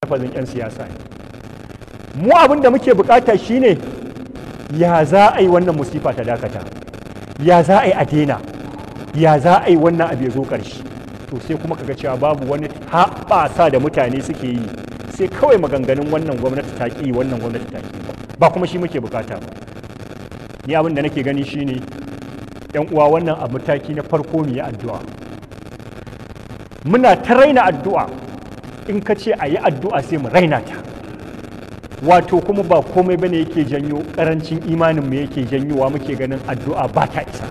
lafazin 'yan siyasa mu abin da muke bukata shine ya za a yi wannan musifa ta dakata ya za a yi a dena ya za a yi wannan abu ya zo karshe to sai kuma kaga cewa babu wani haɓasa da mutane suke yi sai kawai maganganun wannan gwamnati ta ƙi wannan gwamnati ta ƙi ba kuma shi muke bukata ba ni abin da nake gani shine yan uwa wannan abu mataki na farko mu yi addu'a muna ta raina addu'a in ka ce a yi addu'a sai mu raina ta wato kuma ba komai bane yake janyo karancin imanin mu yake janyowa muke ganin addu'a ba ta isa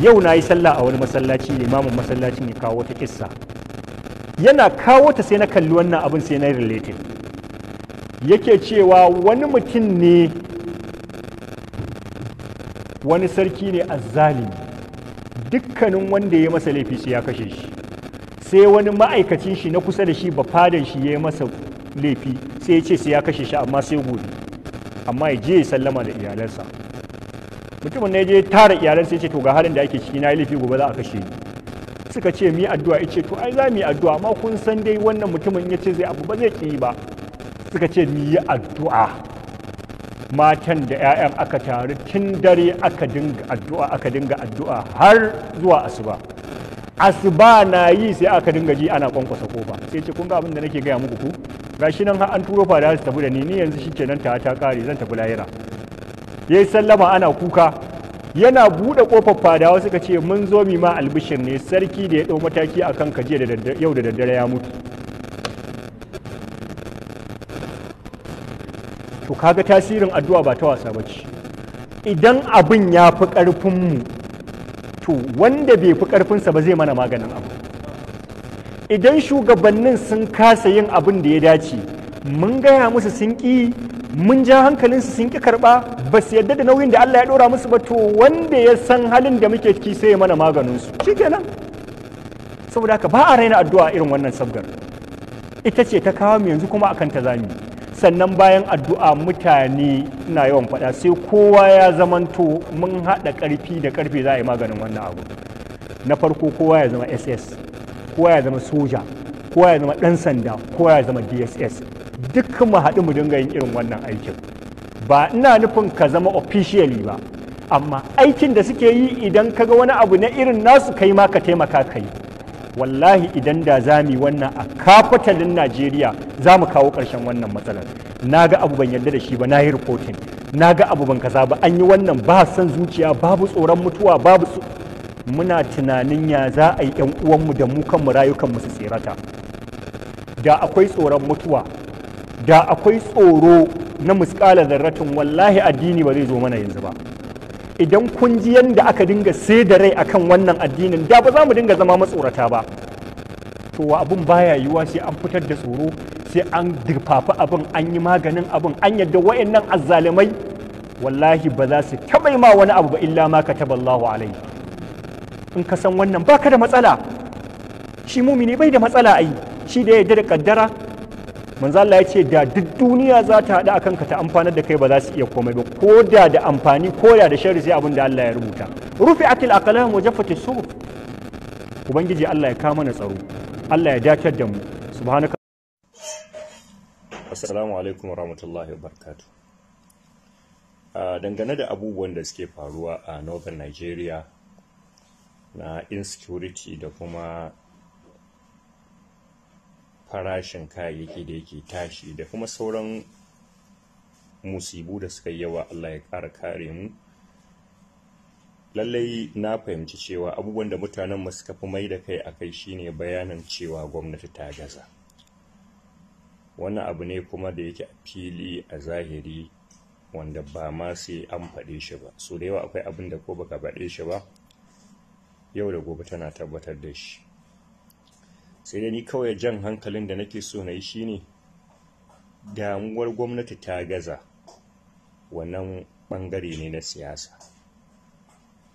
yau na yi sallah a wani masallaci limamin masallacin ya kawo ta kissa yana kawo ta sai na kalli wannan abin sai na related yake cewa wani mutum ne wani sarki ne azzalimi dukkanin wanda ya masa laifi sai ya kashe shi sai wani ma'aikacin shi na kusa da shi ba fadan shi ya yi masa laifi sai ya ce sai ya kashe shi amma sai gobe amma ya je ya sallama da iyalansa mutumin na je tara iyalansa ya ce to ga halin da ake ciki na yi laifi gobe za a kashe ni suka ce mi addu'a ya ce to ai za mu yi addu'a amma kun san dai wannan mutumin ya ce zai abu ba zai ki ba suka ce mu yi addu'a matan da 'ya'yan aka taru tun dare aka dinga addu'a aka dinga addu'a har zuwa asuba asuba na yi sai aka dinga ji ana kwankwasa kofa sai ce kun ga abin da nake gaya muku ku gashi nan har an turo fada su tafi da ni ni yanzu shikenan ta ta kare zan tafi lahira yayi sallama ana kuka yana bude kofar fadawa suka ce mun zo mi ma albishir ne sarki da ya dau mataki akan kan kaje da yau da daddare ya mutu to kaga tasirin addu'a ba ta wasa ba bace idan abin ya fi karfin mu to wanda bai fi karfinsa ba zai mana maganin abu idan shugabannin sun kasa yin abin da ya dace mun gaya musu sun ƙi mun ja hankalinsu sun ƙi karɓa ba su yadda da nauyin da Allah ya ɗora musu ba to wanda ya san halin da muke ciki sai ya mana maganinsu shikenan saboda haka ba a raina addu'a irin wannan sabgar ita ce ta kawo mu yanzu kuma akan ta zami sannan bayan addu'a mutane na yawan faɗa sai kowa ya zamanto mun haɗa ƙarfi da ƙarfe za a yi maganin wannan abu na farko kowa ya zama ss kowa ya zama soja kowa ya zama ɗan sanda kowa ya zama dss duk mu haɗu mu dinga yin irin wannan aikin ba ina nufin ka zama officially ba amma aikin da suke yi idan kaga wani abu na irin nasu kai ma ka taimaka ka yi wallahi idan da za mu wannan a kafatalin najeriya za mu kawo karshen wannan matsalar na ga abu ban yarda da shi ba na yi rikotin na ga abu ban kaza ba an yi wannan ba son zuciya babu tsoron mutuwa babu muna tunanin ya za a yi yan uwanmu da mu kanmu rayukanmu su tserata da akwai tsoron mutuwa da akwai tsoro na muskala zarratin wallahi addini ba zai zo mana yanzu ba idan kun ji yadda aka dinga sai da rai akan wannan addinin da ba za mu dinga zama matsorata ba to abin baya yiwuwa sai an fitar da tsoro sai an dirfafi abin an yi maganin abin an yadda wa'annan azzalumai wallahi ba za su taɓa ma wani abu ba illa ma kataba Allahu alaihi in ka san wannan baka da matsala shi mumini bai da matsala ayi shi da yadda da kaddara manzo Allah ya ce da duk duniya za ta haɗu akan ka ta amfanar da kai ba za su iya komai ba ko da da amfani ko da da sharri sai abin da Allah ya rubuta rufi atil aqlam wa jaffati suhuf ubangiji Allah ya kama na tsaro Allah ya dacar da mu subhanaka assalamu alaikum warahmatullahi wabarakatuh dangane da abubuwan da suke faruwa a northern Nigeria na insecurity da kuma farashin kayayyaki da yake tashi da kuma sauran musibu da suka yi yawa Allah ya ƙara kare mu lallai na fahimci cewa abubuwan da mutanen mu suka fi mai da kai a kai shine bayanin cewa gwamnati ta gaza wannan abu ne kuma da yake fili a zahiri wanda ba ma sai an faɗe shi ba so da yawa akwai abin da ko baka faɗe shi ba yau da gobe tana tabbatar da shi sai dai ni kawai jan hankalin da nake so na yi shi ne damuwar gwamnati ta gaza wannan bangare ne na siyasa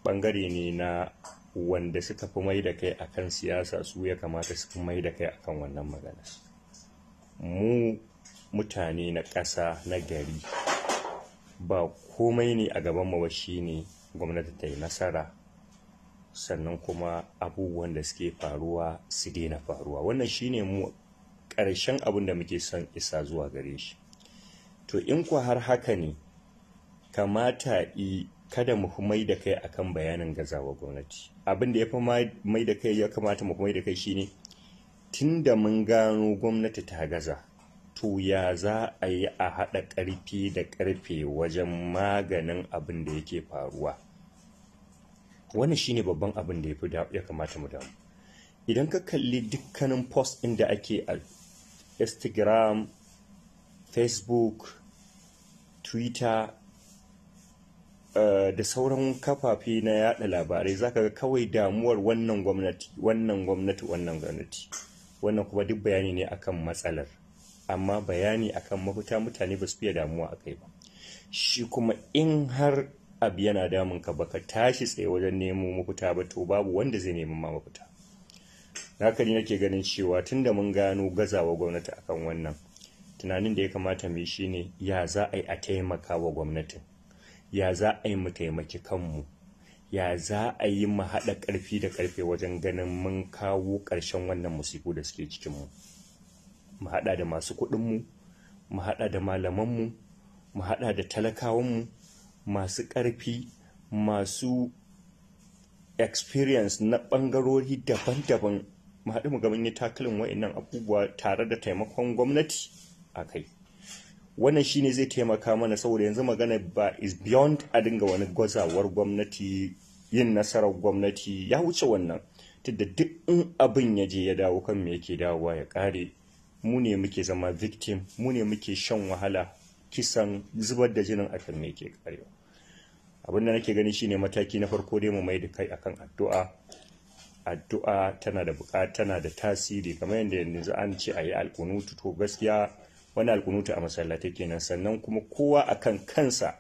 bangare ne na wanda suka fi mai da kai akan siyasa su ya kamata su fi mai da kai akan wannan magana mu mutane na ƙasa na gari ba komai ne a gaban ba ne gwamnati ta yi nasara sannan kuma abubuwan da suke faruwa su daina faruwa wannan shine mu ƙarshen abin da muke son isa zuwa gare shi to in ku har haka ne kamata i kada mu mai da kai akan bayanin gazawa gwamnati abin da ya fi mai da kai ya kamata mu mai da kai shine tun da mun gano gwamnati ta gaza to ya za a yi a haɗa ƙarfi da ƙarfe wajen maganin abin da yake faruwa wannan shine babban abin da ya kamata mu damu idan ka kalli dukkanin post ɗin da ake a instagram facebook twitter eh, da sauran kafafe na yada labarai zaka ga kawai damuwar wannan gwamnati wannan gwamnati wannan gwamnati wannan kuma duk bayani ne akan matsalar amma bayani akan mafita mutane ba su fiye damuwa a kai ba shi kuma in har abu yana damun ka baka tashi tsaye wajen nemo mafita ba to babu wanda zai nemi ma mafita haka ne nake ganin cewa tunda mun gano gazawa gwamnati akan wannan tunanin da ya kamata mu shi ne ya za a yi a taimaka wa gwamnatin ya za a yi mu taimaki kanmu ya za a yi mu haɗa ƙarfi da ƙarfe wajen ganin mun kawo ƙarshen wannan musiku da suke cikinmu mu haɗa da masu kuɗinmu mu haɗa da malamanmu mu haɗa da talakawanmu masu ƙarfi masu experience na ɓangarori daban-daban mu haɗu mu ga mun yi takalin wa'annan abubuwa tare da taimakon gwamnati a kai wannan shine zai taimaka mana saboda yanzu magana ba is beyond a dinga wani gwazawar gwamnati yin nasarar gwamnati ya wuce wannan tunda duk in abin ya je ya dawo kan me yake dawowa ya kare mu ne muke zama victim mu ne muke shan wahala kisan zubar da jinin a ne ke karewa abin da nake gani shine mataki na farko dai mu mai da kai akan addu'a addu'a tana da bukata tana da tasiri kamar yadda yanzu an ce a yi alkunutu to gaskiya wani alkunutu a masallatai kenan sannan kuma kowa akan kansa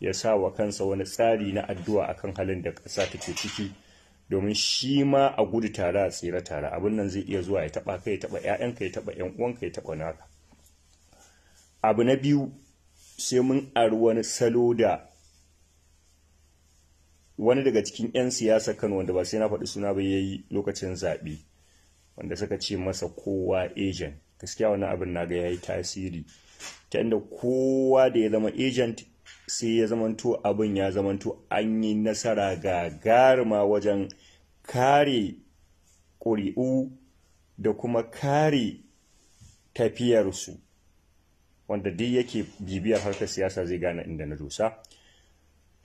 ya sa wa kansa wani tsari na addu'a akan halin da ƙasa take ciki domin shi ma a gudu tare a tsira tare abin nan zai iya zuwa ya taba kai ya taba ƴaƴanka ya taba ƴan uwanka ya taba naka abu na biyu sai mun ari wani salo da wani daga cikin 'yan siyasa kano wanda ba sai na faɗi suna ba ya yi lokacin zaɓe wanda suka ce masa kowa agent gaskiya wani abin na ga ya yi tasiri ta inda kowa da ya zama agent sai ya zamanto abin ya zamanto an yi nasara ga garima wajen kare ƙuri'u da kuma kare tafiyarsu wanda duk yake bibiyar harkar siyasa zai gane inda na dosa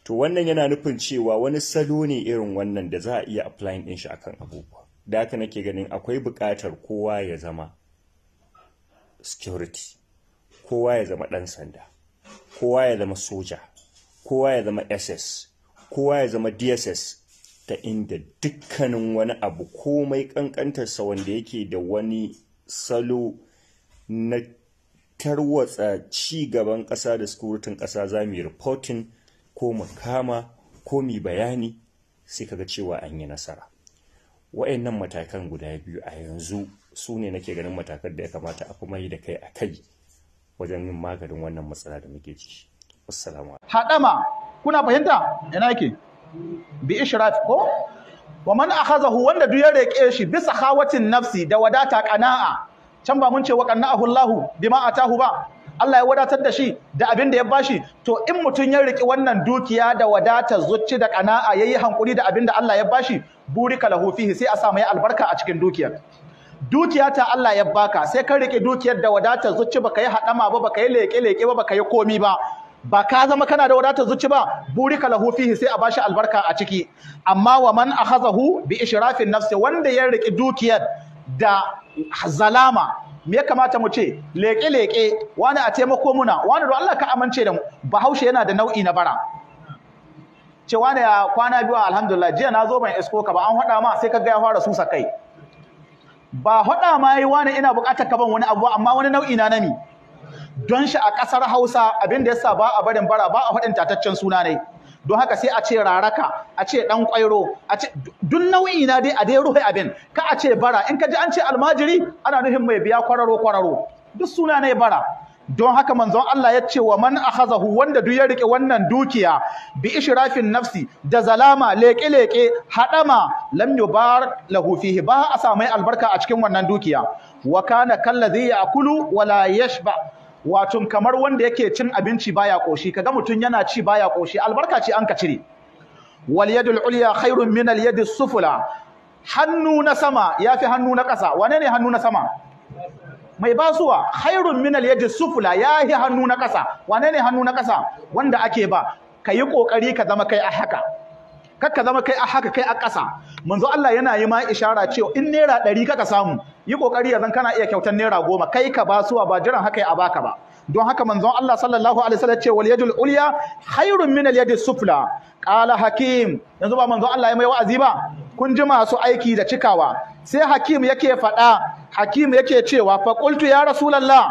to wannan yana nufin cewa wani salo ne irin wannan da za a iya applying din shi akan abubuwa da haka nake ganin akwai buƙatar kowa ya zama security kowa ya zama ɗan sanda kowa ya zama soja kowa ya zama ss kowa ya zama dss ta inda dukkanin wani abu komai ƙanƙantarsa wanda yake da wani salo na tarwatsa ci gaban ƙasa da sukuritin ƙasa za mu yi reporting ko mu kama ko mu bayani sai kaga cewa an yi nasara wa'annan matakan guda biyu a yanzu su ne nake ganin matakan da ya kamata a kuma yi da kai a kai wajen yin maganin wannan matsala da muke ciki haɗama kuna fahimta ina yake bi ishraf ko wa man akhazahu wanda duk ya reke shi bisa hawatin nafsi da wadata ƙana'a can ba mun ce wa qanna'ahu Allahu bima tahu ba Allah ya wadatar da shi da abin da ya bashi to in mutum ya riki wannan dukiya da wadatar zuci da kana'a yayi hankuri da abin da Allah ya bashi Buri lahu fihi sai a sa mai albarka a cikin dukiyar dukiya ta Allah ya baka sai ka rike dukiyar da wadatar zuci baka yi haɗama ba baka yi leke leke ba baka yi komi ba ba ka zama kana da wadatar zuci ba Buri lahu fihi sai a bashi albarka a ciki amma wa man akhazahu bi israfin nafsi wanda ya riki dukiyar da zalama me ya kamata mu ce leƙe-leƙe wani a taimako muna wani da Allah ka amince da mu bahaushe yana da nau'i na bara ce wani ya kwana biyu alhamdulillah jiya na zo ban isko ka ba an hada ma sai ka ga ya fara susa kai ba hada ma yi wani ina buƙatar ka ban wani abu amma wani nau'i na nami don shi a ƙasar hausa abin da yasa ba a barin bara ba a haɗin tataccen suna ne don haka sai a ce raraka a ce dan kwairo a ce duk nau'i na dai a dai ruhe abin ka a ce bara in ka ji an ce almajiri ana nufin mai biya kwararo kwararo duk suna ne bara don haka manzon Allah ya ce wa man akhazahu wanda duk ya rike wannan dukiya bi ishrafin nafsi da zalama leke leke hadama lam yubar lahu fihi ba a samai albarka a cikin wannan dukiya wa kana a Kulu wala yashba wato kamar wanda yake cin abinci baya koshi kaga mutun yana ci baya koshi albarka ce an ka cire wal yadul ulya khairun min al yadis sufula hannu na sama yafi hannu na ƙasa wane ne hannu na sama mai basuwa khairun min al yadis sufula yahi hannu na ƙasa wane ne hannu na ƙasa wanda ake ba kayi kokari ka zama kai a haka kakka zama kai a haka kai a ƙasa manzo Allah yana yi ma ishara cewa in naira ɗari kaka samu yi ƙoƙari yanzu kana iya kyautar naira goma kai ka ba suwa ba jiran haka a baka ba don haka manzo Allah sallallahu alaihi wasallam ce wal yadul ulya khairun min al yadis sufla qala hakim yanzu ba manzo Allah ya mai wa'azi ba kun ji masu aiki da cikawa sai hakim yake faɗa hakim yake cewa fa qultu ya rasulullah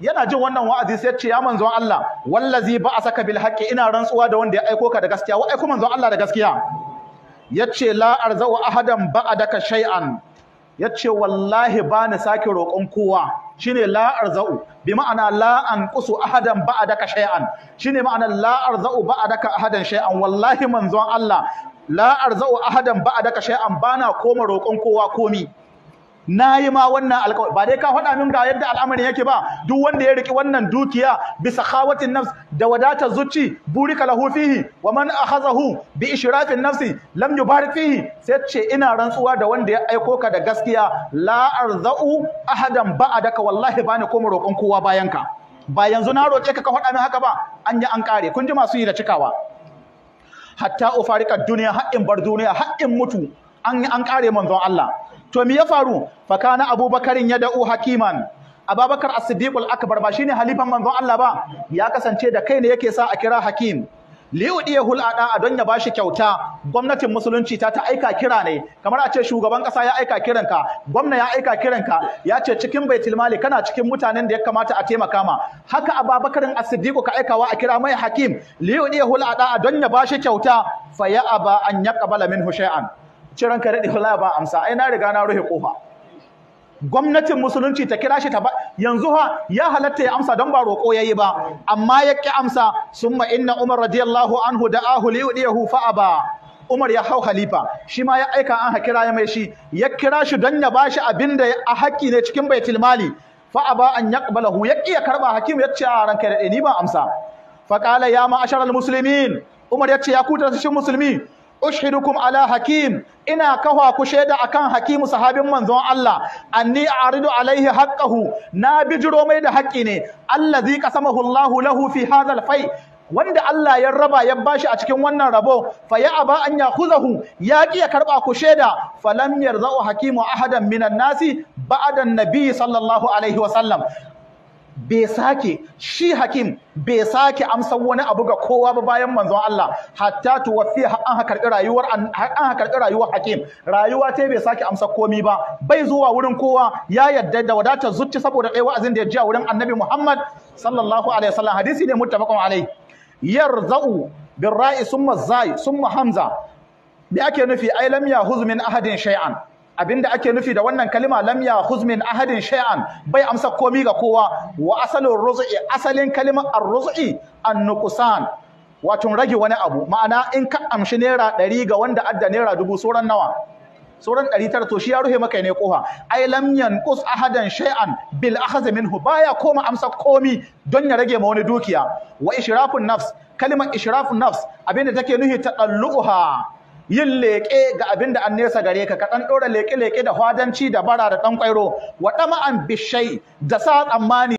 yana jin wannan wa'azi sai ce ya manzon Allah wallazi ba'asaka bil haqqi ina rantsuwa da wanda ya aiko ka da gaskiya wa aiko manzon Allah da gaskiya yace la arzau ahadan ba'adaka shay'an yace wallahi bani sake roƙon kowa shine la arzau bi ma'ana la anqusu ahadan ba'adaka shay'an shine ma'ana la arzau ba'adaka ahadan shay'an wallahi manzon Allah la arzau ahadan daka shay'an bana koma roƙon kowa komi na yi ma wannan alƙawari ba dai ka faɗa min ga yadda al'amarin yake ba duk wanda ya riki wannan dukiya bisa khawatin nafs da wadatar zuci burika lahu fihi wa man akhazahu bi israfin nafsi lam yubarik fihi sai ce ina rantsuwa da wanda ya aiko ka da gaskiya la arzau ahadan ba'adaka wallahi bani koma roƙon kowa bayanka ba yanzu na roƙe ka ka faɗa min haka ba an yi an ƙare kun ji masu yi da cikawa hatta ufarika duniya haƙƙin bar duniya haƙƙin mutu an an ƙare manzon Allah to me ya faru fa kana abubakarin ya da'u hakiman ababakar as-siddiq al-akbar ba shine halifan manzon Allah ba ya kasance da kai ne yake sa a kira hakim liudiya hulada a don ya bashi kyauta gwamnatin musulunci ta ta aika kira ne kamar a ce shugaban kasa ya aika kiranka gwamna ya aika kiranka ya ce cikin baitul mali kana cikin mutanen da ya kamata a taimaka ma haka ababakarin as-siddiq ka aikawa a kira mai hakim liudiya hulada a don ya shi kyauta fa ya aba an yaqbala minhu shay'an ciran ka daɗe wallahi ba amsa ai na riga na rufe kofa gwamnatin musulunci ta kira shi ta ba yanzu ha ya halatta ya amsa don ba roƙo yayi ba amma ya ƙi amsa summa inna umar radiyallahu anhu da'ahu li yudiyahu fa aba Umar ya hau halifa shi ma ya aika an hakira ya mai shi ya kira shi don ya bashi abin da a haƙƙi ne cikin baitul mali fa aba an yaqbalahu ya ya karba hakim ya ce a ranka da ni ba amsa fa qala ya ma'ashar muslimin Umar ya ce ya kuta shi musulmi ushidukum ala hakim ina kawa ku shaida akan hakimu sahabin manzon Allah anni aridu alaihi haqqahu na bijiro mai da haƙi ne allazi qasamahu Hullahu lahu fi hadha fai wanda Allah ya raba ya bashi a cikin wannan rabo fa ya aba an yakhuzahu ya ki ya karba ku sheda falam hakimu ahadan minan nasi ba'da nabi sallallahu alaihi wasallam bai sake shi hakim bai sake amsa wani abu ga kowa ba bayan manzon Allah hatta tuwaffi an karɓi rayuwar an karɓi rayuwar hakim rayuwa ta bai sake amsa komi ba bai zuwa wurin kowa ya yadda da wadatar zuci saboda kai wa'azin da ya ji a wurin annabi Muhammad sallallahu alaihi wasallam hadisi ne muttafaqun alaihi yarza'u birra'i summa zai summa hamza me ake nufi ai lam yahuz min ahadin shay'an abinda ake nufi da wannan kalima lam ya huzmin ahadin shay'an bai amsa komi ga kowa wa asalin asalin kalimar ar-ruzu'i an-nuqsan wato rage wani abu ma'ana in ka amshi naira 100 ga wanda adda naira 1000 sauran nawa sauran 900 to shi ya ruhe maka ne kofa ai lam yanqus ahadan shay'an bil akhadh minhu baya koma amsa komi don ya rage ma wani dukiya wa ishrafun nafs kalimar ishrafun nafs abinda take nuhi ta tadalluha yin leƙe ga abin da an nesa gare ka ka ɗan ɗora leƙe-leƙe da hwadanci da bara da ɗan kwairo wa ma'an bishai da sa tsammani